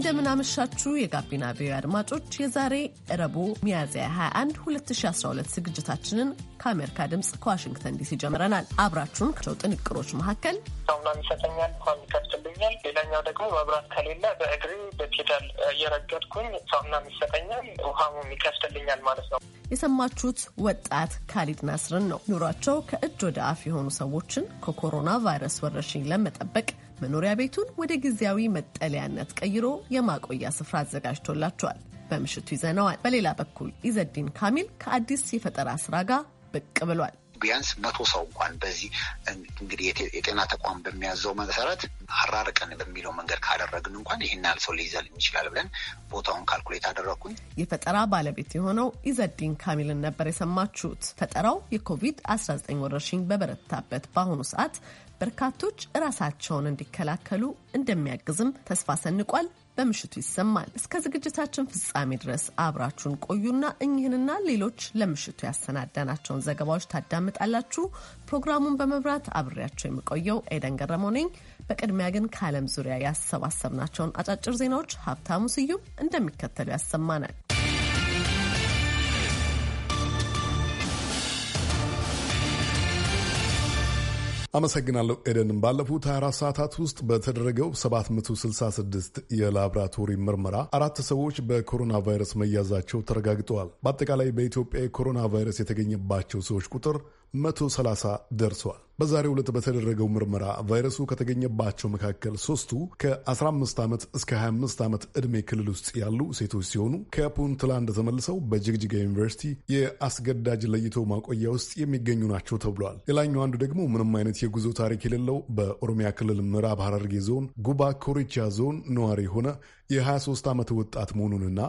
እንደምናመሻችሁ የጋቢና ቪዮ አድማጮች የዛሬ ረቡ ሚያዝያ 21 2012 ዝግጅታችንን ከአሜሪካ ድምፅ ከዋሽንግተን ዲሲ ጀምረናል። አብራችሁን ከቸው ጥንቅሮች መካከል ሳሙና ይሰጠኛል፣ ውሃ ይከፍትልኛል። ሌላኛው ደግሞ መብራት ከሌለ በእግሬ በፔዳል እየረገጥኩኝ ሳሙና ይሰጠኛል፣ ውሃም ይከፍትልኛል ማለት ነው። የሰማችሁት ወጣት ካሊድ ናስርን ነው። ኑሯቸው ከእጅ ወደ አፍ የሆኑ ሰዎችን ከኮሮና ቫይረስ ወረርሽኝ ለመጠበቅ መኖሪያ ቤቱን ወደ ጊዜያዊ መጠለያነት ቀይሮ የማቆያ ስፍራ አዘጋጅቶላቸዋል። በምሽቱ ይዘነዋል። በሌላ በኩል ኢዘዲን ካሚል ከአዲስ የፈጠራ ስራ ጋር ብቅ ብሏል። ቢያንስ መቶ ሰው እንኳን በዚህ እንግዲህ የጤና ተቋም በሚያዘው መሰረት አራርቀን በሚለው መንገድ ካደረግን እንኳን ይህን ያህል ሰው ሊይዘል ይችላል ብለን ቦታውን ካልኩሌት አደረግኩኝ። የፈጠራ ባለቤት የሆነው ኢዘዲን ካሚልን ነበር የሰማችሁት። ፈጠራው የኮቪድ-19 ወረርሽኝ በበረታበት በአሁኑ ሰዓት በርካቶች ራሳቸውን እንዲከላከሉ እንደሚያግዝም ተስፋ ሰንቋል። በምሽቱ ይሰማል። እስከ ዝግጅታችን ፍጻሜ ድረስ አብራችሁን ቆዩና እኚህንና ሌሎች ለምሽቱ ያሰናዳናቸውን ዘገባዎች ታዳምጣላችሁ። ፕሮግራሙን በመብራት አብሬያቸው የምቆየው ኤደን ገረመው ነኝ። በቅድሚያ ግን ከዓለም ዙሪያ ያሰባሰብናቸውን አጫጭር ዜናዎች ሀብታሙ ስዩም እንደሚከተሉ ያሰማናል። አመሰግናለሁ ኤደንም። ባለፉት 24 ሰዓታት ውስጥ በተደረገው 766 የላብራቶሪ ምርመራ አራት ሰዎች በኮሮና ቫይረስ መያዛቸው ተረጋግጠዋል። በአጠቃላይ በኢትዮጵያ የኮሮና ቫይረስ የተገኘባቸው ሰዎች ቁጥር 130 ደርሷል። በዛሬው ዕለት በተደረገው ምርመራ ቫይረሱ ከተገኘባቸው መካከል ሶስቱ ከ15 ዓመት እስከ 25 ዓመት ዕድሜ ክልል ውስጥ ያሉ ሴቶች ሲሆኑ ከፑንትላንድ ተመልሰው በጅግጅጋ ዩኒቨርሲቲ የአስገዳጅ ለይቶ ማቆያ ውስጥ የሚገኙ ናቸው ተብሏል። ሌላኛው አንዱ ደግሞ ምንም አይነት የጉዞ ታሪክ የሌለው በኦሮሚያ ክልል ምዕራብ ሐረርጌ ዞን ጉባ ኮሪቻ ዞን ነዋሪ የሆነ የ23 ዓመት ወጣት መሆኑንና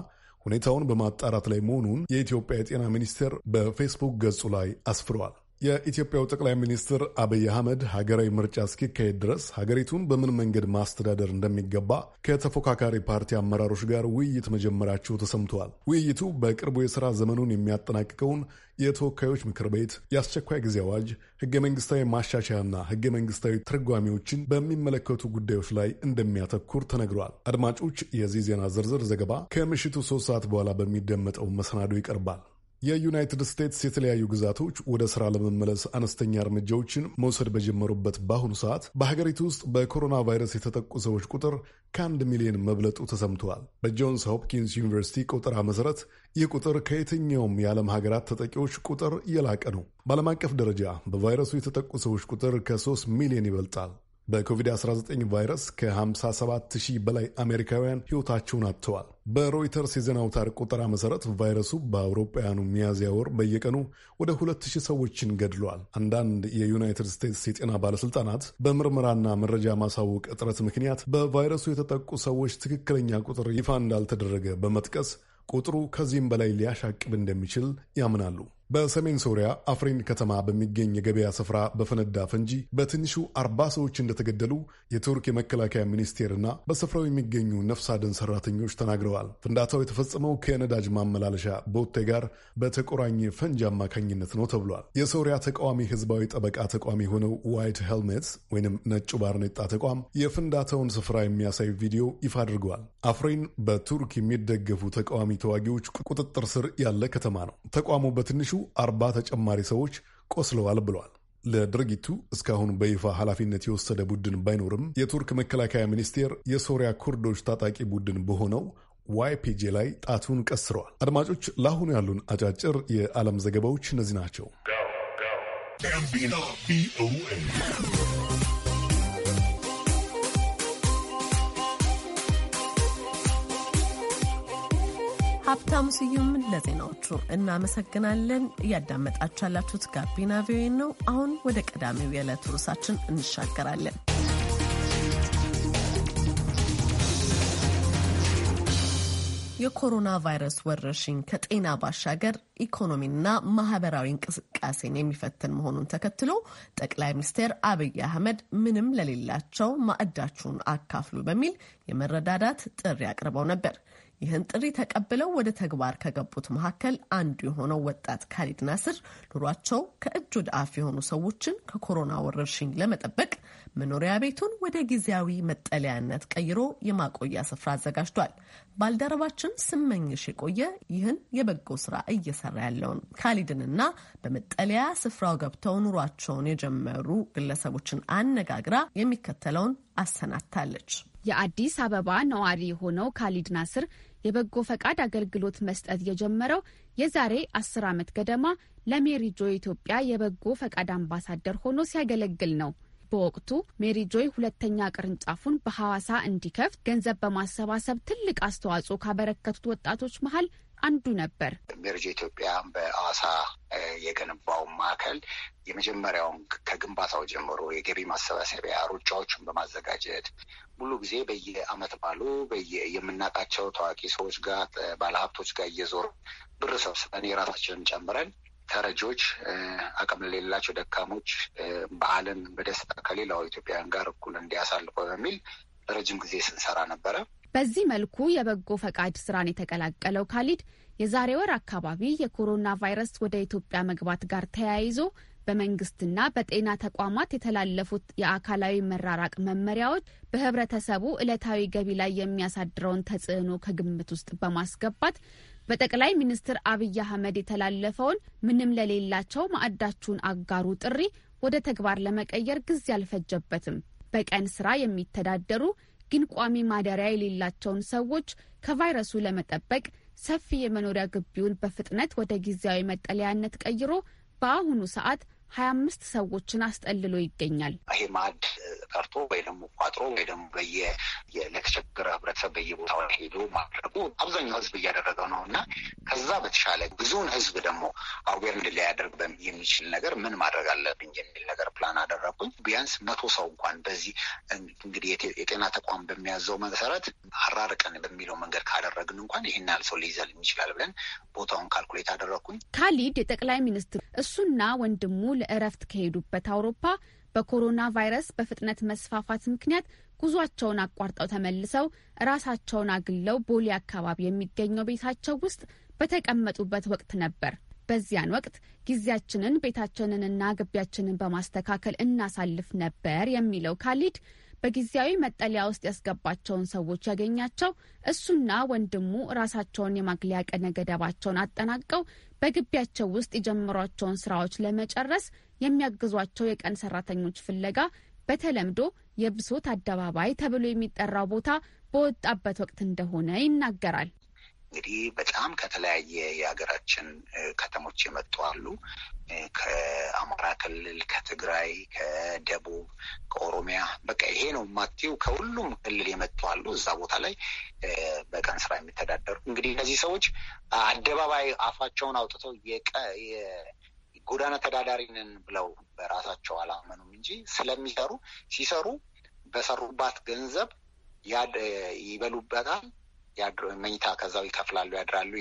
ሁኔታውን በማጣራት ላይ መሆኑን የኢትዮጵያ የጤና ሚኒስቴር በፌስቡክ ገጹ ላይ አስፍረዋል። የኢትዮጵያው ጠቅላይ ሚኒስትር አብይ አህመድ ሀገራዊ ምርጫ እስኪካሄድ ድረስ ሀገሪቱን በምን መንገድ ማስተዳደር እንደሚገባ ከተፎካካሪ ፓርቲ አመራሮች ጋር ውይይት መጀመራቸው ተሰምተዋል። ውይይቱ በቅርቡ የሥራ ዘመኑን የሚያጠናቅቀውን የተወካዮች ምክር ቤት የአስቸኳይ ጊዜ አዋጅ፣ ሕገ መንግሥታዊ ማሻሻያና ሕገ መንግሥታዊ ትርጓሜዎችን በሚመለከቱ ጉዳዮች ላይ እንደሚያተኩር ተነግሯል። አድማጮች፣ የዚህ ዜና ዝርዝር ዘገባ ከምሽቱ ሶስት ሰዓት በኋላ በሚደመጠው መሰናዶ ይቀርባል። የዩናይትድ ስቴትስ የተለያዩ ግዛቶች ወደ ስራ ለመመለስ አነስተኛ እርምጃዎችን መውሰድ በጀመሩበት በአሁኑ ሰዓት በሀገሪቱ ውስጥ በኮሮና ቫይረስ የተጠቁ ሰዎች ቁጥር ከአንድ ሚሊዮን መብለጡ ተሰምተዋል። በጆንስ ሆፕኪንስ ዩኒቨርሲቲ ቁጥራ መሰረት ይህ ቁጥር ከየትኛውም የዓለም ሀገራት ተጠቂዎች ቁጥር የላቀ ነው። በዓለም አቀፍ ደረጃ በቫይረሱ የተጠቁ ሰዎች ቁጥር ከሶስት ሚሊዮን ይበልጣል። በኮቪድ-19 ቫይረስ ከ57 ሺህ በላይ አሜሪካውያን ሕይወታቸውን አጥተዋል። በሮይተርስ የዜና አውታር ቁጠራ መሠረት ቫይረሱ በአውሮፓውያኑ ሚያዝያ ወር በየቀኑ ወደ 2000 ሰዎችን ገድሏል። አንዳንድ የዩናይትድ ስቴትስ የጤና ባለሥልጣናት በምርመራና መረጃ ማሳወቅ እጥረት ምክንያት በቫይረሱ የተጠቁ ሰዎች ትክክለኛ ቁጥር ይፋ እንዳልተደረገ በመጥቀስ ቁጥሩ ከዚህም በላይ ሊያሻቅብ እንደሚችል ያምናሉ። በሰሜን ሶሪያ አፍሪን ከተማ በሚገኝ የገበያ ስፍራ በፈነዳ ፈንጂ በትንሹ አርባ ሰዎች እንደተገደሉ የቱርክ የመከላከያ ሚኒስቴርና በስፍራው የሚገኙ ነፍስ አድን ሰራተኞች ተናግረዋል። ፍንዳታው የተፈጸመው ከነዳጅ ማመላለሻ ቦቴ ጋር በተቆራኘ ፈንጂ አማካኝነት ነው ተብሏል። የሶሪያ ተቃዋሚ ህዝባዊ ጠበቃ ተቋም የሆነው ዋይት ሄልሜትስ ወይም ነጩ ባርኔጣ ተቋም የፍንዳታውን ስፍራ የሚያሳይ ቪዲዮ ይፋ አድርገዋል። አፍሪን በቱርክ የሚደገፉ ተቃዋሚ ተዋጊዎች ቁጥጥር ስር ያለ ከተማ ነው። ተቋሙ በትንሹ አርባ ተጨማሪ ሰዎች ቆስለዋል ብለዋል። ለድርጊቱ እስካሁን በይፋ ኃላፊነት የወሰደ ቡድን ባይኖርም የቱርክ መከላከያ ሚኒስቴር የሶሪያ ኩርዶች ታጣቂ ቡድን በሆነው ዋይፒጄ ላይ ጣቱን ቀስረዋል። አድማጮች፣ ለአሁኑ ያሉን አጫጭር የዓለም ዘገባዎች እነዚህ ናቸው። ሀብታሙ ስዩም ለዜናዎቹ እናመሰግናለን። እያዳመጣችሁ ያላችሁት ጋቢና ቪኦኤ ነው። አሁን ወደ ቀዳሚው የዕለት ርዕሳችን እንሻገራለን። የኮሮና ቫይረስ ወረርሽኝ ከጤና ባሻገር ኢኮኖሚና ማህበራዊ እንቅስቃሴን የሚፈትን መሆኑን ተከትሎ ጠቅላይ ሚኒስትር አብይ አህመድ ምንም ለሌላቸው ማዕዳችሁን አካፍሉ በሚል የመረዳዳት ጥሪ አቅርበው ነበር። ይህን ጥሪ ተቀብለው ወደ ተግባር ከገቡት መካከል አንዱ የሆነው ወጣት ካሊድ ናስር ኑሯቸው ከእጅ ወደ አፍ የሆኑ ሰዎችን ከኮሮና ወረርሽኝ ለመጠበቅ መኖሪያ ቤቱን ወደ ጊዜያዊ መጠለያነት ቀይሮ የማቆያ ስፍራ አዘጋጅቷል። ባልደረባችን ስመኝሽ የቆየ ይህን የበጎ ስራ እየሰራ ያለውን ካሊድንና በመጠለያ ስፍራው ገብተው ኑሯቸውን የጀመሩ ግለሰቦችን አነጋግራ የሚከተለውን አሰናድታለች። የአዲስ አበባ ነዋሪ የሆነው ካሊድ ናስር የበጎ ፈቃድ አገልግሎት መስጠት የጀመረው የዛሬ አስር ዓመት ገደማ ለሜሪ ጆይ ኢትዮጵያ የበጎ ፈቃድ አምባሳደር ሆኖ ሲያገለግል ነው። በወቅቱ ሜሪ ጆይ ሁለተኛ ቅርንጫፉን በሐዋሳ እንዲከፍት ገንዘብ በማሰባሰብ ትልቅ አስተዋጽኦ ካበረከቱት ወጣቶች መሀል አንዱ ነበር። ሜርጅ ኢትዮጵያ በአሳ የገነባው ማዕከል የመጀመሪያውን ከግንባታው ጀምሮ የገቢ ማሰባሰቢያ ሩጫዎችን በማዘጋጀት ሙሉ ጊዜ በየአመት ባሉ የምናውቃቸው ታዋቂ ሰዎች ጋር ባለሀብቶች ጋር እየዞር ብር ሰብስበን የራሳችንን ጨምረን ተረጆች፣ አቅም ለሌላቸው ደካሞች በዓልን በደስታ ከሌላው ኢትዮጵያውያን ጋር እኩል እንዲያሳልፈው በሚል ረጅም ጊዜ ስንሰራ ነበረ። በዚህ መልኩ የበጎ ፈቃድ ስራን የተቀላቀለው ካሊድ የዛሬ ወር አካባቢ የኮሮና ቫይረስ ወደ ኢትዮጵያ መግባት ጋር ተያይዞ በመንግስትና በጤና ተቋማት የተላለፉት የአካላዊ መራራቅ መመሪያዎች በህብረተሰቡ ዕለታዊ ገቢ ላይ የሚያሳድረውን ተጽዕኖ ከግምት ውስጥ በማስገባት በጠቅላይ ሚኒስትር አብይ አህመድ የተላለፈውን ምንም ለሌላቸው ማዕዳችሁን አጋሩ ጥሪ ወደ ተግባር ለመቀየር ጊዜ አልፈጀበትም። በቀን ስራ የሚተዳደሩ ግን ቋሚ ማደሪያ የሌላቸውን ሰዎች ከቫይረሱ ለመጠበቅ ሰፊ የመኖሪያ ግቢውን በፍጥነት ወደ ጊዜያዊ መጠለያነት ቀይሮ በአሁኑ ሰዓት ሀያ አምስት ሰዎችን አስጠልሎ ይገኛል። ይሄ ማዕድ ቀርቶ ወይ ደግሞ ቋጥሮ ወይ ደግሞ በየ ለተቸገረ ህብረተሰብ በየቦታው ሄዶ ማድረጉ አብዛኛው ህዝብ እያደረገው ነው እና ከዛ በተሻለ ብዙውን ህዝብ ደግሞ አዌር እንድላያደርግ የሚችል ነገር ምን ማድረግ አለብኝ የሚል ነገር ፕላን አደረግኩኝ። ቢያንስ መቶ ሰው እንኳን በዚህ እንግዲህ የጤና ተቋም በሚያዘው መሰረት አራርቀን በሚለው መንገድ ካደረግን እንኳን ይህን ያህል ሰው ሊይዘል ይችላል ብለን ቦታውን ካልኩሌት አደረግኩኝ። ካሊድ የጠቅላይ ሚኒስትር እሱና ወንድሙ ለእረፍት ከሄዱበት አውሮፓ በኮሮና ቫይረስ በፍጥነት መስፋፋት ምክንያት ጉዟቸውን አቋርጠው ተመልሰው ራሳቸውን አግለው ቦሌ አካባቢ የሚገኘው ቤታቸው ውስጥ በተቀመጡበት ወቅት ነበር። በዚያን ወቅት ጊዜያችንን ቤታችንንና ግቢያችንን በማስተካከል እናሳልፍ ነበር የሚለው ካሊድ በጊዜያዊ መጠለያ ውስጥ ያስገባቸውን ሰዎች ያገኛቸው እሱና ወንድሙ ራሳቸውን የማግለያ ቀነ ገደባቸውን አጠናቀው በግቢያቸው ውስጥ የጀመሯቸውን ስራዎች ለመጨረስ የሚያግዟቸው የቀን ሰራተኞች ፍለጋ በተለምዶ የብሶት አደባባይ ተብሎ የሚጠራው ቦታ በወጣበት ወቅት እንደሆነ ይናገራል። እንግዲህ በጣም ከተለያየ የሀገራችን ከተሞች የመጡ አሉ። ከአማራ ክልል፣ ከትግራይ፣ ከደቡብ፣ ከኦሮሚያ በቃ ይሄ ነው ማቴው ከሁሉም ክልል የመጡ አሉ። እዛ ቦታ ላይ በቀን ስራ የሚተዳደሩ እንግዲህ እነዚህ ሰዎች አደባባይ አፋቸውን አውጥተው የጎዳና ተዳዳሪንን ብለው በራሳቸው አላመኑም እንጂ ስለሚሰሩ ሲሰሩ በሰሩባት ገንዘብ ይበሉበታል መኝታ ከዛው ይከፍላሉ፣ ያድራሉ።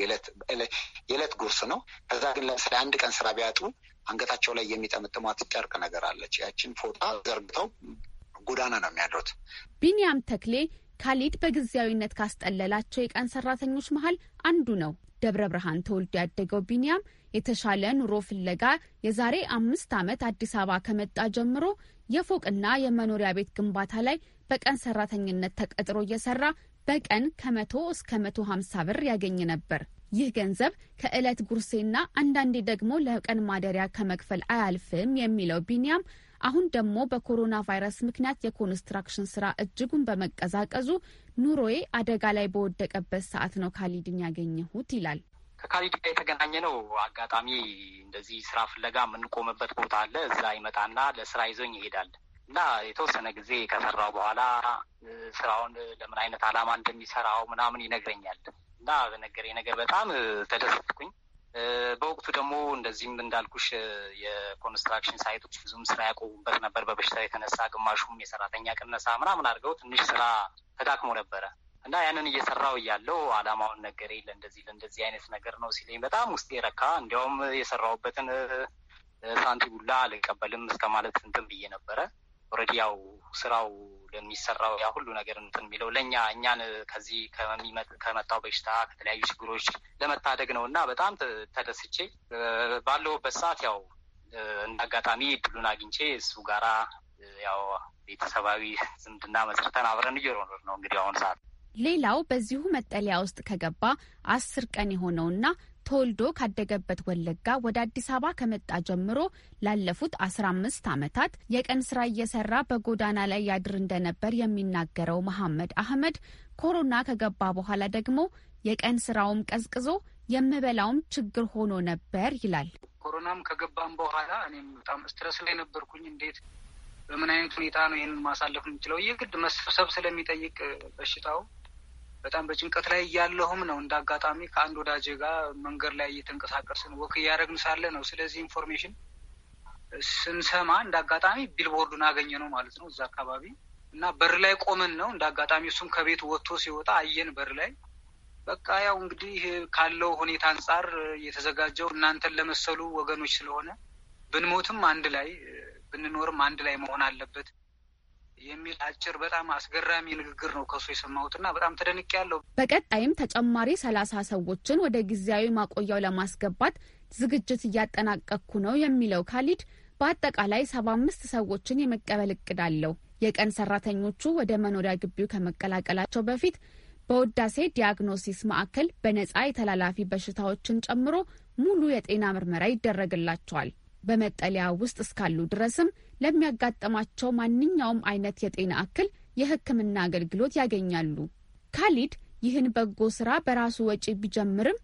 የዕለት ጉርስ ነው። ከዛ ግን ለምሳሌ አንድ ቀን ስራ ቢያጡ አንገታቸው ላይ የሚጠምጥሟት ጨርቅ ነገር አለች። ያችን ፎጣ ዘርግተው ጎዳና ነው የሚያድሩት። ቢንያም ተክሌ ካሊድ በጊዜያዊነት ካስጠለላቸው የቀን ሰራተኞች መሀል አንዱ ነው። ደብረ ብርሃን ተወልዶ ያደገው ቢንያም የተሻለ ኑሮ ፍለጋ የዛሬ አምስት ዓመት አዲስ አበባ ከመጣ ጀምሮ የፎቅና የመኖሪያ ቤት ግንባታ ላይ በቀን ሰራተኝነት ተቀጥሮ እየሰራ በቀን ከመቶ እስከ መቶ ሀምሳ ብር ያገኝ ነበር። ይህ ገንዘብ ከዕለት ጉርሴና አንዳንዴ ደግሞ ለቀን ማደሪያ ከመክፈል አያልፍም የሚለው ቢኒያም አሁን ደግሞ በኮሮና ቫይረስ ምክንያት የኮንስትራክሽን ስራ እጅጉን በመቀዛቀዙ ኑሮዬ አደጋ ላይ በወደቀበት ሰዓት ነው ካሊድን ያገኘሁት ይላል። ከካሊድ ጋር የተገናኘ ነው። አጋጣሚ እንደዚህ ስራ ፍለጋ የምንቆምበት ቦታ አለ። እዛ ይመጣና ለስራ ይዞኝ ይሄዳል። እና የተወሰነ ጊዜ ከሰራው በኋላ ስራውን ለምን አይነት አላማ እንደሚሰራው ምናምን ይነግረኛል እና በነገረኝ ነገር በጣም ተደሰትኩኝ። በወቅቱ ደግሞ እንደዚህም እንዳልኩሽ የኮንስትራክሽን ሳይቶች ብዙም ስራ ያቆሙበት ነበር በበሽታ የተነሳ ግማሹም የሰራተኛ ቅነሳ ምናምን አድርገው ትንሽ ስራ ተዳክሞ ነበረ እና ያንን እየሰራው እያለው አላማውን ነገረኝ። ለእንደዚህ ለእንደዚህ አይነት ነገር ነው ሲለኝ በጣም ውስጤ ረካ። እንዲያውም የሰራውበትን ሳንቲም ሁላ አልቀበልም እስከ ማለት እንትን ብዬ ነበረ። ኦልሬዲ ያው ስራው የሚሰራው ያ ሁሉ ነገር እንትን የሚለው ለእኛ እኛን ከዚህ ከመጣው በሽታ ከተለያዩ ችግሮች ለመታደግ ነው እና በጣም ተደስቼ ባለሁበት ሰዓት ያው እንደ አጋጣሚ እድሉን አግኝቼ እሱ ጋራ ያው ቤተሰባዊ ዝምድና መስርተን አብረን እየኖርን ነው እንግዲህ አሁን ሰዓት ሌላው በዚሁ መጠለያ ውስጥ ከገባ አስር ቀን የሆነውና ተወልዶ ካደገበት ወለጋ ወደ አዲስ አበባ ከመጣ ጀምሮ ላለፉት አስራ አምስት ዓመታት የቀን ስራ እየሰራ በጎዳና ላይ ያድር እንደነበር የሚናገረው መሐመድ አህመድ ኮሮና ከገባ በኋላ ደግሞ የቀን ስራውም ቀዝቅዞ የምበላውም ችግር ሆኖ ነበር ይላል። ኮሮናም ከገባም በኋላ እኔም በጣም ስትረስ ላይ ነበርኩኝ። እንዴት በምን አይነት ሁኔታ ነው ይህን ማሳለፍ የምችለው? ይህ ግድ መሰብሰብ ስለሚጠይቅ በሽታው በጣም በጭንቀት ላይ እያለሁም ነው እንደ አጋጣሚ ከአንድ ወዳጅ ጋር መንገድ ላይ እየተንቀሳቀስን ወክ እያደረግን ሳለ ነው ስለዚህ ኢንፎርሜሽን ስንሰማ እንደ አጋጣሚ ቢልቦርዱን አገኘ ነው ማለት ነው እዛ አካባቢ እና በር ላይ ቆመን ነው እንደ አጋጣሚ እሱም ከቤት ወጥቶ ሲወጣ አየን በር ላይ በቃ ያው እንግዲህ ካለው ሁኔታ አንጻር የተዘጋጀው እናንተን ለመሰሉ ወገኖች ስለሆነ ብንሞትም አንድ ላይ ብንኖርም አንድ ላይ መሆን አለበት የሚል አጭር በጣም አስገራሚ ንግግር ነው ከሱ የሰማሁትና በጣም ተደንቅ ያለው። በቀጣይም ተጨማሪ ሰላሳ ሰዎችን ወደ ጊዜያዊ ማቆያው ለማስገባት ዝግጅት እያጠናቀቅኩ ነው የሚለው ካሊድ በአጠቃላይ ሰባ አምስት ሰዎችን የመቀበል እቅድ አለው። የቀን ሰራተኞቹ ወደ መኖሪያ ግቢው ከመቀላቀላቸው በፊት በወዳሴ ዲያግኖሲስ ማዕከል በነጻ የተላላፊ በሽታዎችን ጨምሮ ሙሉ የጤና ምርመራ ይደረግላቸዋል። በመጠለያ ውስጥ እስካሉ ድረስም ለሚያጋጥማቸው ማንኛውም አይነት የጤና እክል የሕክምና አገልግሎት ያገኛሉ። ካሊድ ይህን በጎ ስራ በራሱ ወጪ ቢጀምርም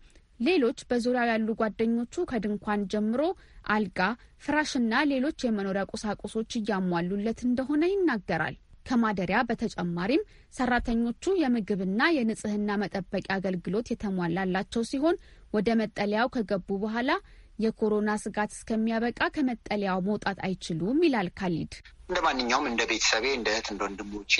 ሌሎች በዙሪያው ያሉ ጓደኞቹ ከድንኳን ጀምሮ አልጋ፣ ፍራሽና ሌሎች የመኖሪያ ቁሳቁሶች እያሟሉለት እንደሆነ ይናገራል። ከማደሪያ በተጨማሪም ሰራተኞቹ የምግብና የንጽህና መጠበቂያ አገልግሎት የተሟላላቸው ሲሆን ወደ መጠለያው ከገቡ በኋላ የኮሮና ስጋት እስከሚያበቃ ከመጠለያው መውጣት አይችሉም ይላል ካሊድ። እንደ ማንኛውም እንደ ቤተሰቤ እንደ እህት እንደ ወንድሞቼ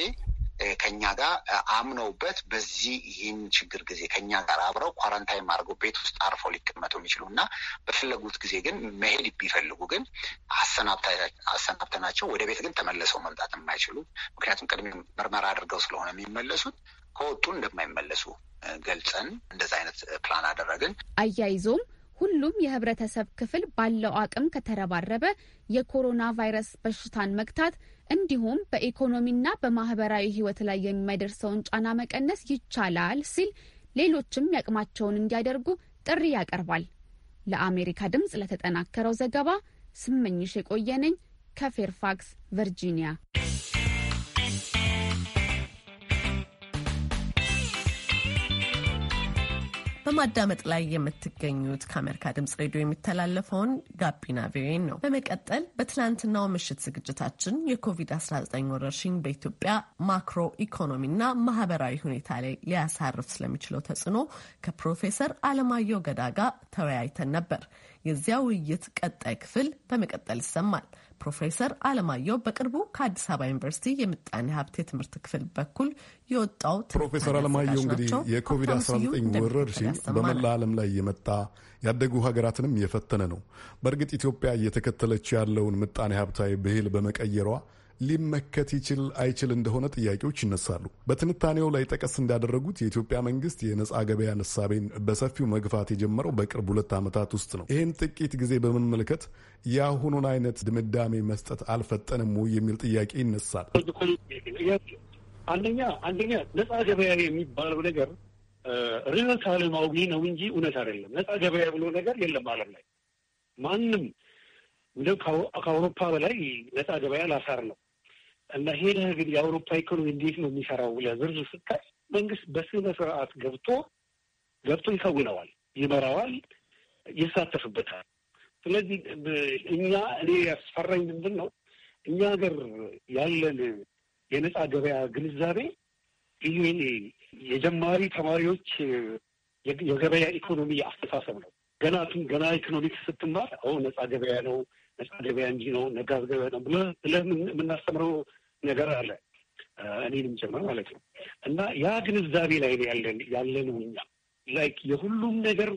ከኛ ጋር አምነውበት በዚህ ይህን ችግር ጊዜ ከኛ ጋር አብረው ኳረንታይን አድርገው ቤት ውስጥ አርፈው ሊቀመጡ የሚችሉ እና በፈለጉት ጊዜ ግን መሄድ ቢፈልጉ ግን አሰናብተናቸው ወደ ቤት ግን ተመለሰው መምጣት የማይችሉ ምክንያቱም ቅድሚ ምርመራ አድርገው ስለሆነ የሚመለሱት ከወጡ እንደማይመለሱ ገልጸን እንደዛ አይነት ፕላን አደረግን። አያይዞም ሁሉም የህብረተሰብ ክፍል ባለው አቅም ከተረባረበ የኮሮና ቫይረስ በሽታን መግታት እንዲሁም በኢኮኖሚና በማህበራዊ ህይወት ላይ የሚያደርሰውን ጫና መቀነስ ይቻላል ሲል ሌሎችም ያቅማቸውን እንዲያደርጉ ጥሪ ያቀርባል። ለአሜሪካ ድምፅ ለተጠናከረው ዘገባ ስመኝሽ የቆየነኝ ከፌርፋክስ ቨርጂኒያ በማዳመጥ ላይ የምትገኙት ከአሜሪካ ድምጽ ሬዲዮ የሚተላለፈውን ጋቢና ቪኦኤ ነው። በመቀጠል በትናንትናው ምሽት ዝግጅታችን የኮቪድ-19 ወረርሽኝ በኢትዮጵያ ማክሮ ኢኮኖሚና ማህበራዊ ሁኔታ ላይ ሊያሳርፍ ስለሚችለው ተጽዕኖ ከፕሮፌሰር አለማየሁ ገዳ ጋር ተወያይተን ነበር። የዚያ ውይይት ቀጣይ ክፍል በመቀጠል ይሰማል። ፕሮፌሰር አለማየሁ በቅርቡ ከአዲስ አበባ ዩኒቨርሲቲ የምጣኔ ሀብት የትምህርት ክፍል በኩል የወጣው ፕሮፌሰር አለማየሁ እንግዲህ የኮቪድ-19 ወረርሽኝ በመላ ዓለም ላይ የመጣ ያደጉ ሀገራትንም የፈተነ ነው። በእርግጥ ኢትዮጵያ እየተከተለች ያለውን ምጣኔ ሀብታዊ ብሂል በመቀየሯ ሊመከት ይችል አይችል እንደሆነ ጥያቄዎች ይነሳሉ። በትንታኔው ላይ ጠቀስ እንዳደረጉት የኢትዮጵያ መንግስት የነጻ ገበያ ንሳቤን በሰፊው መግፋት የጀመረው በቅርብ ሁለት ዓመታት ውስጥ ነው። ይህን ጥቂት ጊዜ በመመልከት የአሁኑን አይነት ድምዳሜ መስጠት አልፈጠንም ወይ የሚል ጥያቄ ይነሳል። አንደኛ አንደኛ ነጻ ገበያ የሚባለው ነገር ርዕዮተ ዓለማዊ ነው እንጂ እውነት አይደለም። ነጻ ገበያ ብሎ ነገር የለም ዓለም ላይ ማንም እንደ ከአውሮፓ በላይ ነጻ ገበያ ላሳር ነው እና ሄደህ ግን የአውሮፓ ኢኮኖሚ እንዴት ነው የሚሰራው ብለህ ዝርዝር ስታይ መንግስት በስነ ስርዓት ገብቶ ገብቶ ይከውነዋል፣ ይመራዋል፣ ይሳተፍበታል። ስለዚህ እኛ እኔ ያስፈራኝ ምንድን ነው እኛ ሀገር ያለን የነፃ ገበያ ግንዛቤ ይሄ የጀማሪ ተማሪዎች የገበያ ኢኮኖሚ አስተሳሰብ ነው። ገና ገና ኢኮኖሚክስ ስትማር አሁ ነፃ ገበያ ነው ነፃ ገበያ እንጂ ነው ነጋዝ ገበያ ነው ብለህ የምናስተምረው ነገር አለ እኔንም ጭምር ማለት ነው። እና ያ ግንዛቤ ላይ ያለን ያለ ነው እኛ ላይክ የሁሉም ነገር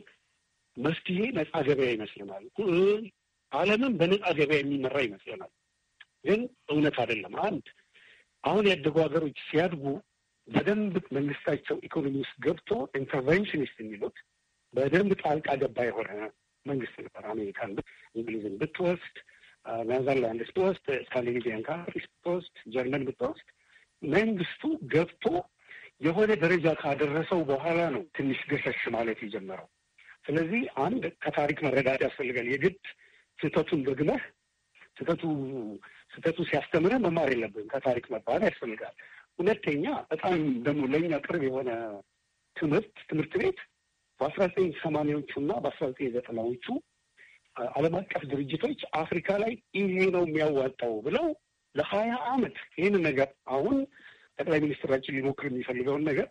መፍትሄ ነፃ ገበያ ይመስለናል። ዓለምን በነፃ ገበያ የሚመራ ይመስለናል። ግን እውነት አይደለም። አንድ አሁን ያደጉ ሀገሮች ሲያድጉ በደንብ መንግስታቸው ኢኮኖሚ ውስጥ ገብቶ ኢንተርቨንሽኒስት የሚሉት በደንብ ጣልቃ ገባ የሆነ መንግስት ነበር። አሜሪካን እንግሊዝን ብትወስድ ኔዘርላንድስ ብትወስድ፣ ስካንዲኔቪያን ካንትሪስ ብትወስድ፣ ጀርመን ብትወስድ መንግስቱ ገብቶ የሆነ ደረጃ ካደረሰው በኋላ ነው ትንሽ ገሸሽ ማለት የጀመረው። ስለዚህ አንድ ከታሪክ መረዳት ያስፈልጋል። የግድ ስህተቱን ደግመህ ስህተቱ ስህተቱ ሲያስተምረ መማር የለብህም ከታሪክ መባል ያስፈልጋል። ሁለተኛ በጣም ደግሞ ለእኛ ቅርብ የሆነ ትምህርት ትምህርት ቤት በአስራ ዘጠኝ ሰማንያዎቹ እና በአስራ ዘጠኝ ዘጠናዎቹ ዓለም አቀፍ ድርጅቶች አፍሪካ ላይ ይሄ ነው የሚያዋጣው ብለው ለሀያ አመት ይህን ነገር አሁን ጠቅላይ ሚኒስትራችን ሊሞክር የሚፈልገውን ነገር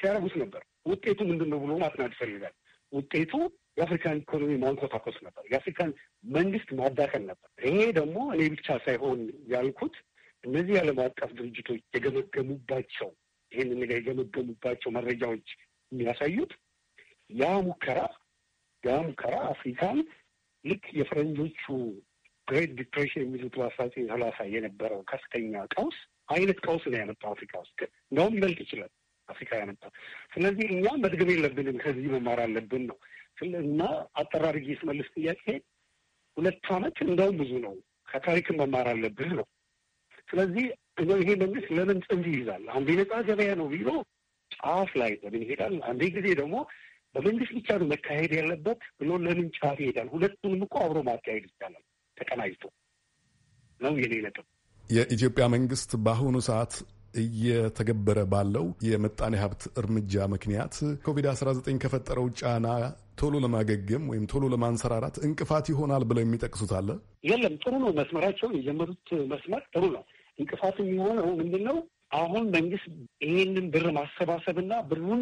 ሲያደርጉት ነበር። ውጤቱ ምንድን ነው ብሎ ማጥናት ይፈልጋል። ውጤቱ የአፍሪካን ኢኮኖሚ ማንኮታኮስ ነበር። የአፍሪካን መንግስት ማዳከል ነበር። ይሄ ደግሞ እኔ ብቻ ሳይሆን ያልኩት እነዚህ ዓለም አቀፍ ድርጅቶች የገመገሙባቸው ይህን ነገር የገመገሙባቸው መረጃዎች የሚያሳዩት ያ ሙከራ ያ ሙከራ አፍሪካን ልክ የፈረንጆቹ ግሬት ዲፕሬሽን የሚሉት በአስራ ዘጠኝ ሰላሳ የነበረው ከፍተኛ ቀውስ አይነት ቀውስ ነው ያመጣው አፍሪካ ውስጥ። እንደውም ይበልጥ ይችላል አፍሪካ ያመጣው። ስለዚህ እኛ መድገም የለብንም ከዚህ መማር አለብን ነው እና አጠራርጌ ስመልስ ጥያቄ ሁለት ዓመት እንደውም ብዙ ነው፣ ከታሪክን መማር አለብህ ነው። ስለዚህ ይሄ መንግስት ለምን ጽንፍ ይይዛል? አንዴ ነጻ ገበያ ነው ቢሎ ጫፍ ላይ ለምን ይሄዳል? አንዴ ጊዜ ደግሞ በመንግስት ብቻ ነው መካሄድ ያለበት ብሎ ለምን ጫፍ ይሄዳል? ሁለቱንም እኮ አብሮ ማካሄድ ይቻላል። ተቀናጅቶ ነው የኔ ነጥብ። የኢትዮጵያ መንግስት በአሁኑ ሰዓት እየተገበረ ባለው የምጣኔ ሀብት እርምጃ ምክንያት ኮቪድ-19 ከፈጠረው ጫና ቶሎ ለማገገም ወይም ቶሎ ለማንሰራራት እንቅፋት ይሆናል ብለው የሚጠቅሱት አለ። የለም ጥሩ ነው መስመራቸው የጀመሩት መስመር ጥሩ ነው። እንቅፋት የሚሆነው ምንድን ነው? አሁን መንግስት ይህንን ብር ማሰባሰብና ብሩን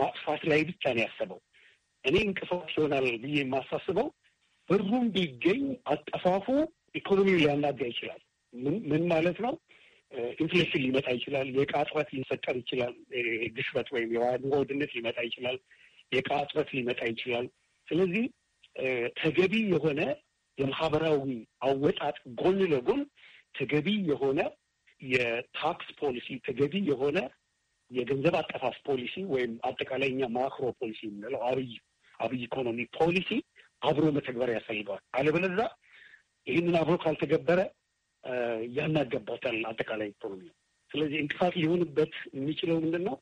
ማጥፋት ላይ ብቻ ነው ያሰበው። እኔ እንቅፋት ይሆናል ብዬ የማሳስበው ብሩም ቢገኝ አጠፋፉ ኢኮኖሚውን ሊያናጋ ይችላል። ምን ማለት ነው? ኢንፍሌሽን ሊመጣ ይችላል። የዕቃ እጥረት ሊፈጠር ይችላል። ግሽበት ወይም የኑሮ ውድነት ሊመጣ ይችላል። የዕቃ እጥረት ሊመጣ ይችላል። ስለዚህ ተገቢ የሆነ የማህበራዊ አወጣጥ ጎን ለጎን ተገቢ የሆነ የታክስ ፖሊሲ፣ ተገቢ የሆነ የገንዘብ አጠፋፍ ፖሊሲ ወይም አጠቃላይ እኛ ማክሮ ፖሊሲ የምንለው አብይ አብይ ኢኮኖሚ ፖሊሲ አብሮ መተግበር ያስፈልገዋል። አለበለዛ ይህንን አብሮ ካልተገበረ ያናገባታል አጠቃላይ ኢኮኖሚ። ስለዚህ እንቅፋት ሊሆንበት የሚችለው ምንድን ነው?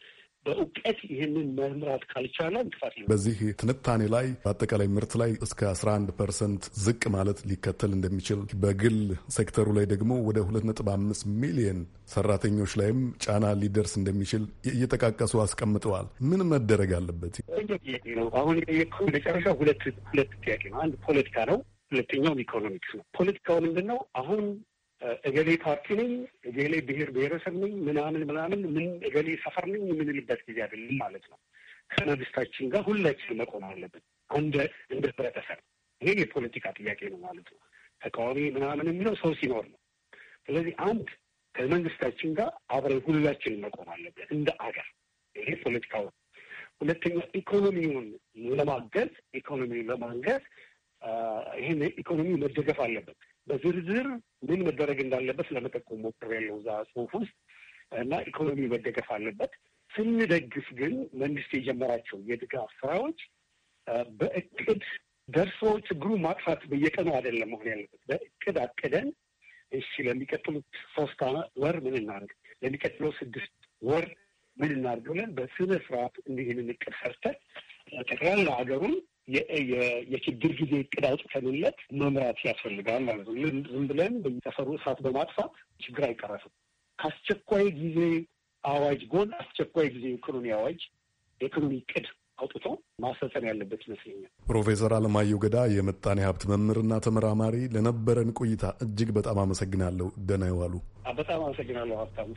በእውቀት ይህንን መምራት ካልቻለ እንቅፋት ነው። በዚህ ትንታኔ ላይ በአጠቃላይ ምርት ላይ እስከ 11 ፐርሰንት ዝቅ ማለት ሊከተል እንደሚችል በግል ሴክተሩ ላይ ደግሞ ወደ 2.5 ሚሊየን ሰራተኞች ላይም ጫና ሊደርስ እንደሚችል እየጠቃቀሱ አስቀምጠዋል። ምን መደረግ አለበት? ጥያቄ ነው። አሁን የጠየቅኩህ መጨረሻ ሁለት ሁለት ጥያቄ ነው። አንድ ፖለቲካ ነው፣ ሁለተኛውም ኢኮኖሚክስ ነው። ፖለቲካው ምንድን ነው? አሁን እገሌ ፓርቲ ነኝ፣ እገሌ ብሔር ብሔረሰብ ነኝ ምናምን ምናምን ምን እገሌ ሰፈር ነኝ የምንልበት ጊዜ አይደለም ማለት ነው። ከመንግስታችን ጋር ሁላችን መቆም አለብን፣ እንደ እንደ ህብረተሰብ። ይሄ የፖለቲካ ጥያቄ ነው ማለት ነው። ተቃዋሚ ምናምን የሚለው ሰው ሲኖር ነው። ስለዚህ አንድ ከመንግስታችን ጋር አብረን ሁላችን መቆም አለብን እንደ አገር። ይሄ ፖለቲካው። ሁለተኛ ኢኮኖሚውን ለማገዝ ኢኮኖሚውን ለማንገዝ ይህን ኢኮኖሚው መደገፍ አለበት። በዝርዝር ምን መደረግ እንዳለበት ለመጠቆም ያለው እዛ ጽሁፍ ውስጥ እና ኢኮኖሚ መደገፍ አለበት። ስንደግፍ ግን መንግስት የጀመራቸው የድጋፍ ስራዎች በእቅድ ደርሶ ችግሩ ማጥፋት በየቀኑ አይደለም መሆን ያለበት። በእቅድ አቅደን እሺ፣ ለሚቀጥሉት ሶስት ወር ምን እናድርግ፣ ለሚቀጥለው ስድስት ወር ምን እናድርግ ብለን በስነ ስርዓት እንዲህንን እቅድ ሰርተን ጠቅላላ ሀገሩን የችግር ጊዜ እቅድ አውጥተንለት መምራት ያስፈልጋል ማለት ነው። ዝም ብለን በየሰፈሩ እሳት በማጥፋት ችግር አይቀረፍም። ከአስቸኳይ ጊዜ አዋጅ ጎን አስቸኳይ ጊዜ ኢኮኖሚ አዋጅ የኢኮኖሚ እቅድ አውጥቶ ማሰልጠን ያለበት ይመስለኛል። ፕሮፌሰር አለማየሁ ገዳ የምጣኔ ሀብት መምህርና ተመራማሪ፣ ለነበረን ቆይታ እጅግ በጣም አመሰግናለሁ። ደህና ይዋሉ። በጣም አመሰግናለሁ ሀብታሙ።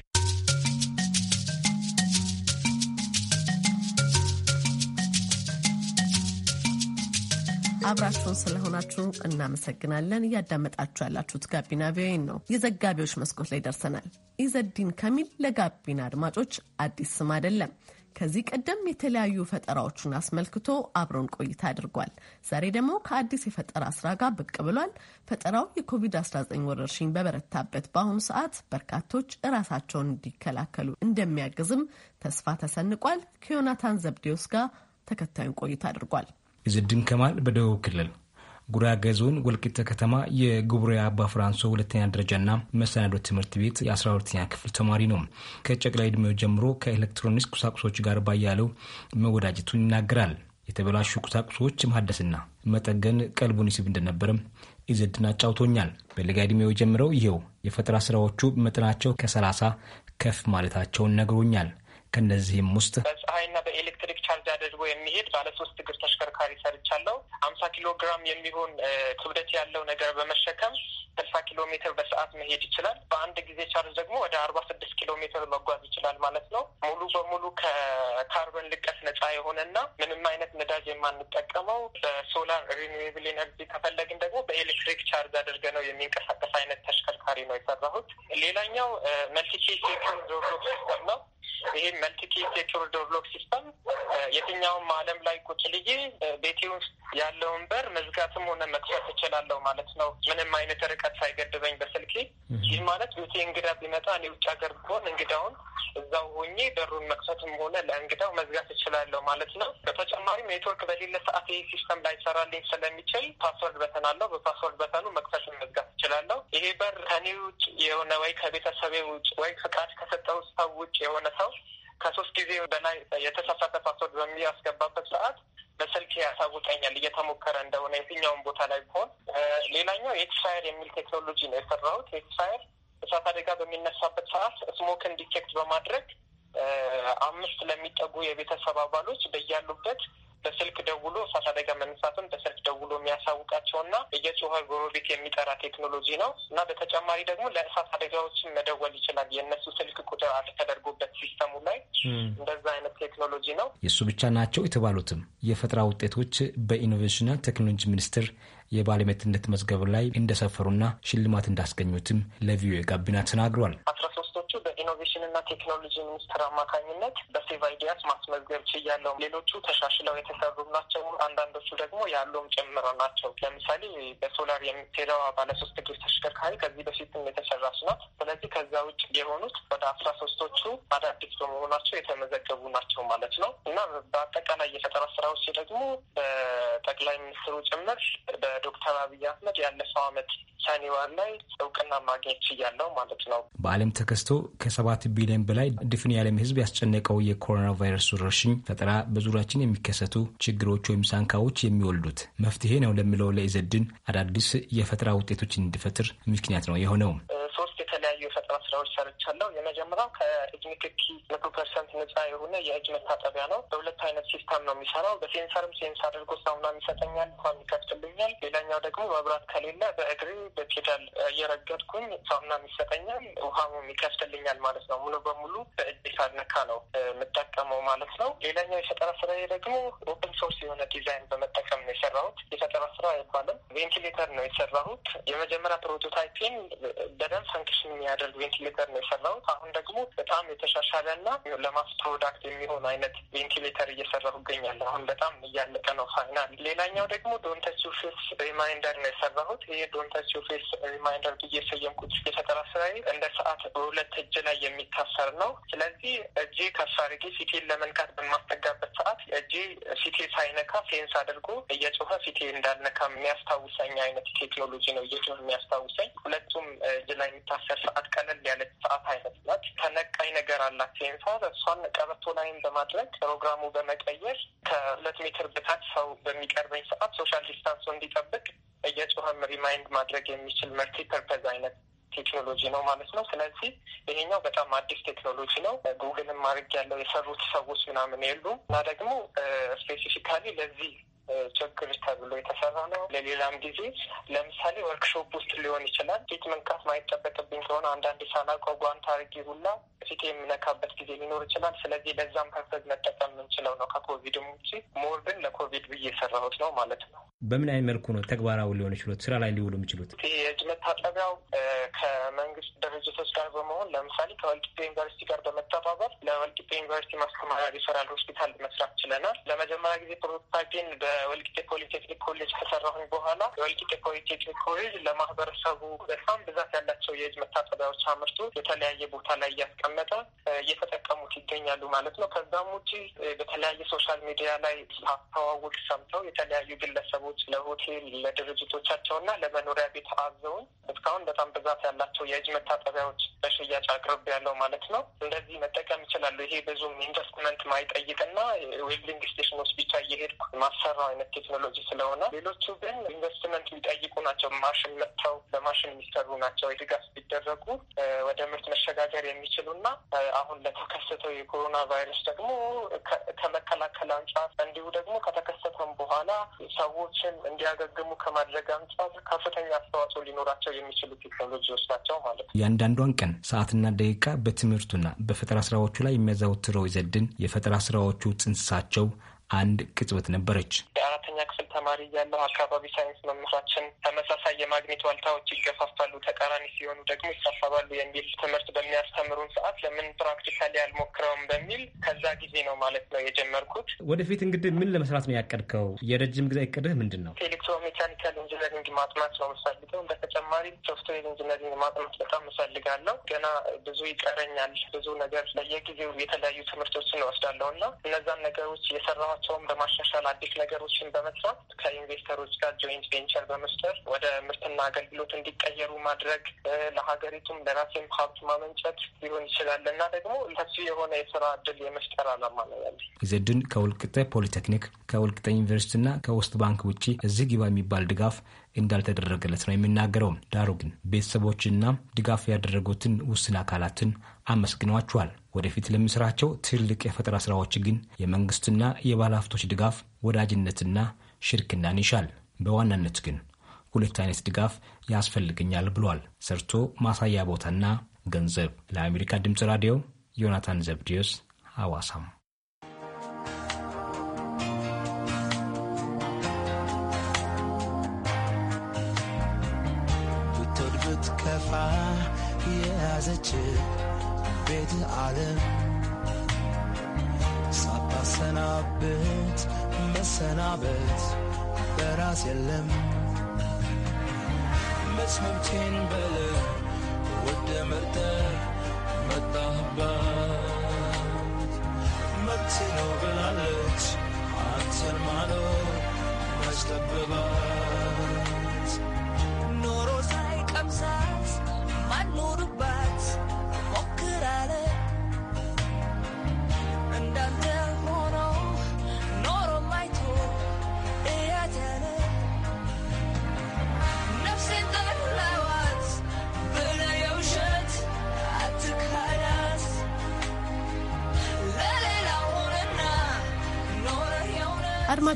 አብራችሁን ስለሆናችሁ እናመሰግናለን። እያዳመጣችሁ ያላችሁት ጋቢና ቪኦኤን ነው። የዘጋቢዎች መስኮት ላይ ደርሰናል። ኢዘዲን ከሚል ለጋቢና አድማጮች አዲስ ስም አይደለም። ከዚህ ቀደም የተለያዩ ፈጠራዎቹን አስመልክቶ አብሮን ቆይታ አድርጓል። ዛሬ ደግሞ ከአዲስ የፈጠራ ስራ ጋር ብቅ ብሏል። ፈጠራው የኮቪድ-19 ወረርሽኝ በበረታበት በአሁኑ ሰዓት በርካቶች እራሳቸውን እንዲከላከሉ እንደሚያግዝም ተስፋ ተሰንቋል። ከዮናታን ዘብዴዎስ ጋር ተከታዩን ቆይታ አድርጓል። ኢዘዲን ከማል በደቡብ ክልል ጉራጌ ዞን ወልቂጤ ከተማ የጉቡሬ አባ ፍራንሶ ሁለተኛ ደረጃና መሰናዶ ትምህርት ቤት የ12ኛ ክፍል ተማሪ ነው። ከጨቅላይ ዕድሜው ጀምሮ ከኤሌክትሮኒክስ ቁሳቁሶች ጋር ባያለው መወዳጀቱን ይናገራል። የተበላሹ ቁሳቁሶች ማደስና መጠገን ቀልቡን ይስብ እንደነበረም ይዘድና አጫውቶኛል። በለጋ ዕድሜው ጀምረው ይኸው የፈጠራ ስራዎቹ መጠናቸው ከ30 ከፍ ማለታቸውን ነግሮኛል። ከነዚህም ውስጥ በፀሐይና በኤሌክትሪክ ቻርጅ አድርጎ የሚሄድ ባለሶስት እግር ተሽከርካሪ ሰርቻለሁ። አምሳ ኪሎ ግራም የሚሆን ክብደት ያለው ነገር በመሸከም ስልሳ ኪሎ ሜትር በሰዓት መሄድ ይችላል። በአንድ ጊዜ ቻርጅ ደግሞ ወደ አርባ ስድስት ኪሎ ሜትር መጓዝ ይችላል ማለት ነው። ሙሉ በሙሉ ከካርበን ልቀት ነጻ የሆነና ምንም አይነት ነዳጅ የማንጠቀመው በሶላር ሪኒዌብል ኤነርጂ ከፈለግን ደግሞ በኤሌክትሪክ ቻርጅ አድርገ ነው የሚንቀሳቀስ አይነት ተሽከርካሪ ነው የሰራሁት። ሌላኛው መልቲ ሲስተም ነው። ይህም መልቲፒ ሴኪር ዶርሎክ ሲስተም የትኛውም ዓለም ላይ ቁጭ ልዬ ቤቴ ውስጥ ያለውን በር መዝጋትም ሆነ መክፈት እችላለሁ ማለት ነው። ምንም አይነት ርቀት ሳይገድበኝ በስልኬ። ይህ ማለት ቤቴ እንግዳ ቢመጣ እኔ ውጭ ሀገር ብሆን እንግዳውን እዛው ሆኜ በሩን መክፈትም ሆነ ለእንግዳው መዝጋት እችላለሁ ማለት ነው። በተጨማሪም ኔትወርክ በሌለ ሰዓት ይህ ሲስተም ላይሰራልኝ ስለሚችል ፓስወርድ በተን አለው። በፓስወርድ በተኑ መክፈት መዝጋት እችላለሁ። ይሄ በር ከኔ ውጭ የሆነ ወይ ከቤተሰቤ ውጭ ወይ ፍቃድ ከሰጠው ሰው ውጭ የሆነ ሰው ከሶስት ጊዜ በና የተሳሳተ ፓስወርድ በሚያስገባበት ሰዓት በስልክ ያሳውቀኛል እየተሞከረ እንደሆነ የትኛውን ቦታ ላይ ቢሆን። ሌላኛው ኤክስፋየር የሚል ቴክኖሎጂ ነው የሰራሁት። ኤክስፋየር እሳት አደጋ በሚነሳበት ሰዓት ስሞክን ዲቴክት በማድረግ አምስት ለሚጠጉ የቤተሰብ አባሎች በያሉበት በስልክ ደውሎ እሳት አደጋ መነሳቱን በስልክ ደውሎ የሚያሳውቃቸው እና እየጮኸ ጎረቤት የሚጠራ ቴክኖሎጂ ነው እና በተጨማሪ ደግሞ ለእሳት አደጋዎችን መደወል ይችላል። የእነሱ ስልክ ቁጥር አለ ተደርጎበት ሲስተሙ ላይ እንደዛ አይነት ቴክኖሎጂ ነው። የእሱ ብቻ ናቸው የተባሉትም የፈጠራ ውጤቶች በኢኖቬሽንና ቴክኖሎጂ ሚኒስቴር የባለቤትነት መዝገብ ላይ እንደሰፈሩና ሽልማት እንዳስገኙትም ለቪኦኤ ጋቢና ተናግሯል። አስራ በኢኖቬሽን እና ቴክኖሎጂ ሚኒስቴር አማካኝነት በሴቭ አይዲያስ ማስመዝገብ ችያለው። ሌሎቹ ተሻሽለው የተሰሩ ናቸው። አንዳንዶቹ ደግሞ ያሉም ጭምር ናቸው። ለምሳሌ በሶላር የምትሄደው ባለሶስት እግር ተሽከርካሪ ከዚህ በፊትም የተሰራች ናት። ስለዚህ ከዛ ውጭ የሆኑት ወደ አስራ ሶስቶቹ አዳዲስ በመሆናቸው የተመዘገቡ ናቸው ማለት ነው እና በአጠቃላይ የፈጠራ ስራዎች ደግሞ በጠቅላይ ሚኒስትሩ ጭምር በዶክተር አብይ አህመድ ያለፈው አመት ሰኔ ወር ላይ እውቅና ማግኘት ችያለው ማለት ነው። በዓለም ተከስቶ ከሰባት ቢሊዮን በላይ ድፍን የዓለም ህዝብ ያስጨነቀው የኮሮና ቫይረስ ወረርሽኝ ፈጠራ በዙሪያችን የሚከሰቱ ችግሮች ወይም ሳንካዎች የሚወልዱት መፍትሄ ነው ለሚለው ለኢዘድን አዳዲስ የፈጠራ ውጤቶች እንዲፈጥር ምክንያት ነው የሆነው። የተለያዩ የፈጠራ ስራዎች ሰርቻለሁ። የመጀመሪያው ከእጅ ንክኪ መቶ ፐርሰንት ነጻ የሆነ የእጅ መታጠቢያ ነው። በሁለት አይነት ሲስተም ነው የሚሰራው። በሴንሰርም ሴንስ አድርጎ ሳሙና ይሰጠኛል፣ ውሃ ይከፍትልኛል። ሌላኛው ደግሞ መብራት ከሌለ በእግሬ በፔዳል እየረገጥኩኝ ሳሙና ይሰጠኛል፣ ውሃም ይከፍትልኛል ማለት ነው። ሙሉ በሙሉ በእጅ ሳልነካ ነው የምጠቀመው ማለት ነው። ሌላኛው የፈጠራ ስራ ደግሞ ኦፕን ሶርስ የሆነ ዲዛይን በመጠቀም ነው የሰራሁት። የፈጠራ ስራ አይባልም፣ ቬንቲሌተር ነው የሰራሁት። የመጀመሪያ ፕሮቶታይፒን በደንብ ፈንክሽን የሚያደርግ ቬንቲሌተር ነው የሰራሁት። አሁን ደግሞ በጣም የተሻሻለና ለማስ ፕሮዳክት የሚሆን አይነት ቬንቲሌተር እየሰራሁ እገኛለሁ። አሁን በጣም እያለቀ ነው ፋይናል። ሌላኛው ደግሞ ዶንተሲው ፌስ ሪማይንደር ነው የሰራሁት። ይሄ ዶንተሲው ፌስ ሪማይንደር ብዬ ሰየምኩት። የፈጠራ ስራ እንደ ሰዓት በሁለት እጅ ላይ የሚታሰር ነው። ስለዚህ እጄ ከፍ አድርጌ ፊቴን ለመንካት በማስጠጋበት ሰዓት እጄ ፊቴ ሳይነካ ፌንስ አድርጎ እየጮኸ ፊቴ እንዳልነካ የሚያስታውሰኝ አይነት ቴክኖሎጂ ነው። እየጮኸ የሚያስታውሰኝ ሁለቱም እጅ ላይ የሚታሰር ሰዓት ቀለል ያለች ሰዓት አይነት ናት። ተነቃይ ነገር አላት ሴንሳር። እሷን ቀበቶ ላይም በማድረግ ፕሮግራሙ በመቀየር ከሁለት ሜትር በታች ሰው በሚቀርበኝ ሰዓት ሶሻል ዲስታንሱ እንዲጠብቅ እየጮኸም ሪማይንድ ማድረግ የሚችል መልቲ ፐርፐዝ አይነት ቴክኖሎጂ ነው ማለት ነው። ስለዚህ ይሄኛው በጣም አዲስ ቴክኖሎጂ ነው። ጉግልም ማድረግ ያለው የሰሩት ሰዎች ምናምን የሉ እና ደግሞ ስፔሲፊካሊ ለዚህ ችግር ተብሎ የተሰራ ነው። ለሌላም ጊዜ ለምሳሌ ወርክሾፕ ውስጥ ሊሆን ይችላል። ጌጥ መንካት ማይጠበቅብኝ ከሆነ አንዳንድ ሳላውቀው ጓንት አድርጌ ሁላ በፊት የምነካበት ጊዜ ሊኖር ይችላል። ስለዚህ ለዛም ፐርፐዝ መጠቀም የምንችለው ነው። ከኮቪድም ውጭ ሞር ግን ለኮቪድ ብዬ የሰራሁት ነው ማለት ነው። በምን አይነት መልኩ ነው ተግባራዊ ሊሆን ይችሉት ስራ ላይ ሊውሉ የሚችሉት? ይህ የእጅ መታጠቢያው ከመንግስት ድርጅቶች ጋር በመሆን ለምሳሌ ከወልቂጤ ዩኒቨርሲቲ ጋር በመተባበር ለወልቂጤ ዩኒቨርሲቲ ማስተማሪያ ሪፈራል ሆስፒታል መስራት ችለናል። ለመጀመሪያ ጊዜ ፕሮቶታይፒን በወልቂጤ ፖሊቴክኒክ ኮሌጅ ከሰራሁኝ በኋላ የወልቂጤ ፖሊቴክኒክ ኮሌጅ ለማህበረሰቡ በጣም ብዛት ያላቸው የእጅ መታጠቢያዎች አምርቶ የተለያየ ቦታ ላይ እያስቀመ መጠን እየተጠቀሙት ይገኛሉ ማለት ነው። ከዛም ውጭ በተለያየ ሶሻል ሚዲያ ላይ አስተዋውቅ ሰምተው የተለያዩ ግለሰቦች ለሆቴል ለድርጅቶቻቸውና ለመኖሪያ ቤት አዘውን እስካሁን በጣም ብዛት ያላቸው የእጅ መታጠቢያዎች በሽያጭ አቅርብ ያለው ማለት ነው። እንደዚህ መጠቀም ይችላሉ። ይሄ ብዙም ኢንቨስትመንት ማይጠይቅና ዌብሊንግ ስቴሽኖች ብቻ እየሄድኩ ማሰራው አይነት ቴክኖሎጂ ስለሆነ፣ ሌሎቹ ግን ኢንቨስትመንት የሚጠይቁ ናቸው። ማሽን መጥተው በማሽን የሚሰሩ ናቸው። ድጋፍ ቢደረጉ ወደ ምርት መሸጋገር የሚችሉና አሁን ለተከሰተው የኮሮና ቫይረስ ደግሞ ከመከላከል አንጻር እንዲሁ ደግሞ ከተከሰተም በኋላ ሰዎችን እንዲያገግሙ ከማድረግ አንጻር ከፍተኛ አስተዋጽኦ ሊኖራቸው የሚችሉ ቴክኖሎጂዎች ናቸው ማለት ነው። የአንዳንዷን ቀን ሰዓትና ደቂቃ በትምህርቱና በፈጠራ ስራዎቹ ላይ የሚያዘወትረው ይዘድን የፈጠራ ስራዎቹ ጽንሳቸው አንድ ቅጽበት ነበረች። የአራተኛ ክፍል ተማሪ ያለው አካባቢ ሳይንስ መምህራችን ተመሳሳይ የማግኔት ዋልታዎች ይገፋፋሉ፣ ተቃራኒ ሲሆኑ ደግሞ ይሳፋባሉ የሚል ትምህርት በሚያስተምሩን ሰዓት ለምን ፕራክቲካሊ አልሞክረውም በሚል ከዛ ጊዜ ነው ማለት ነው የጀመርኩት። ወደፊት እንግዲህ ምን ለመስራት ነው ያቀድከው? የረጅም ጊዜ እቅድህ ምንድን ነው? ኤሌክትሮሜካኒካል ኢንጂነሪንግ ማጥናት ነው የምፈልገው። በተጨማሪ ሶፍትዌር ኢንጂነሪንግ ማጥናት በጣም እፈልጋለሁ። ገና ብዙ ይቀረኛል። ብዙ ነገር ለየጊዜው የተለያዩ ትምህርቶችን እወስዳለሁ እና እነዛን ነገሮች የሰራ? አሰራራቸውን በማሻሻል አዲስ ነገሮችን በመስራት ከኢንቨስተሮች ጋር ጆይንት ቬንቸር በመስጠር ወደ ምርትና አገልግሎት እንዲቀየሩ ማድረግ ለሀገሪቱም ለራሴም ሀብት ማመንጨት ሊሆን ይችላል እና ደግሞ ሰፊ የሆነ የስራ እድል የመፍጠር አላማ ነው ያለ ዘድን ከውልቅጠ ፖሊቴክኒክ ከወልቅጤ ዩኒቨርሲቲና ከውስጥ ባንክ ውጭ እዚህ ግባ የሚባል ድጋፍ እንዳልተደረገለት ነው የሚናገረው። ዳሩ ግን ቤተሰቦችና ድጋፍ ያደረጉትን ውስን አካላትን አመስግነዋቸዋል። ወደፊት ለሚሰራቸው ትልቅ የፈጠራ ስራዎች ግን የመንግስትና የባለሀብቶች ድጋፍ ወዳጅነትና ሽርክናን ይሻል። በዋናነት ግን ሁለት አይነት ድጋፍ ያስፈልገኛል ብሏል። ሰርቶ ማሳያ ቦታና ገንዘብ። ለአሜሪካ ድምፅ ራዲዮ ዮናታን ዘብዲዮስ ሐዋሳም ብትወድ ብትከፋ የያዘች ቤት ዓለም ሳታሰናብት መሰናበት በራስ የለም መስመምቼን በለ ወደ መርጠ መጣህባት መብት ነው ብላለች አንተን ማኖር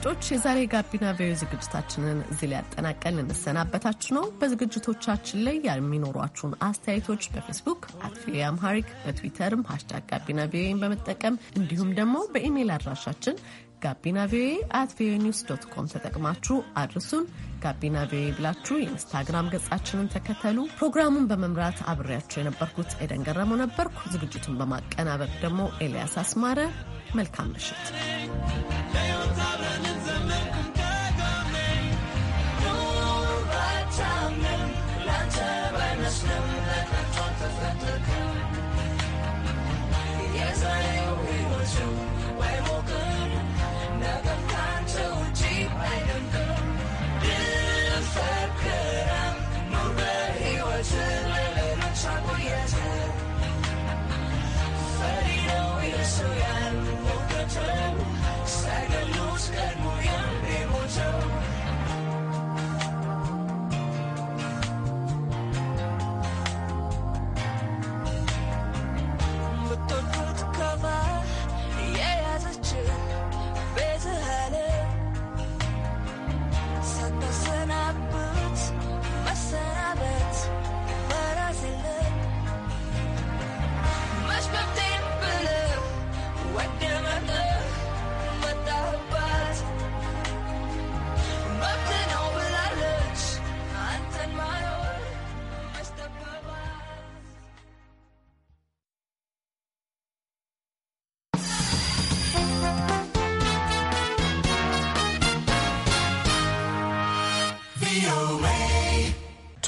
አድማጮች የዛሬ ጋቢና ቪኦኤ ዝግጅታችንን እዚህ ላይ ያጠናቀን ልንሰናበታችሁ ነው። በዝግጅቶቻችን ላይ የሚኖሯችሁን አስተያየቶች በፌስቡክ አት ቪኦኤ አምሃሪክ በትዊተርም ሀሽታግ ጋቢና ቪኦኤን በመጠቀም እንዲሁም ደግሞ በኢሜይል አድራሻችን ጋቢና ቪኦኤ አት ቪኦኤ ኒውስ ዶት ኮም ተጠቅማችሁ አድርሱን። ጋቢና ቪኦኤ ብላችሁ የኢንስታግራም ገጻችንን ተከተሉ። ፕሮግራሙን በመምራት አብሬያችሁ የነበርኩት ኤደን ገረመው ነበርኩ። ዝግጅቱን በማቀናበር ደግሞ ኤልያስ አስማረ መልካም ምሽት። Let's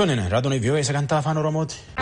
Kun raaduu vii'oo isa kan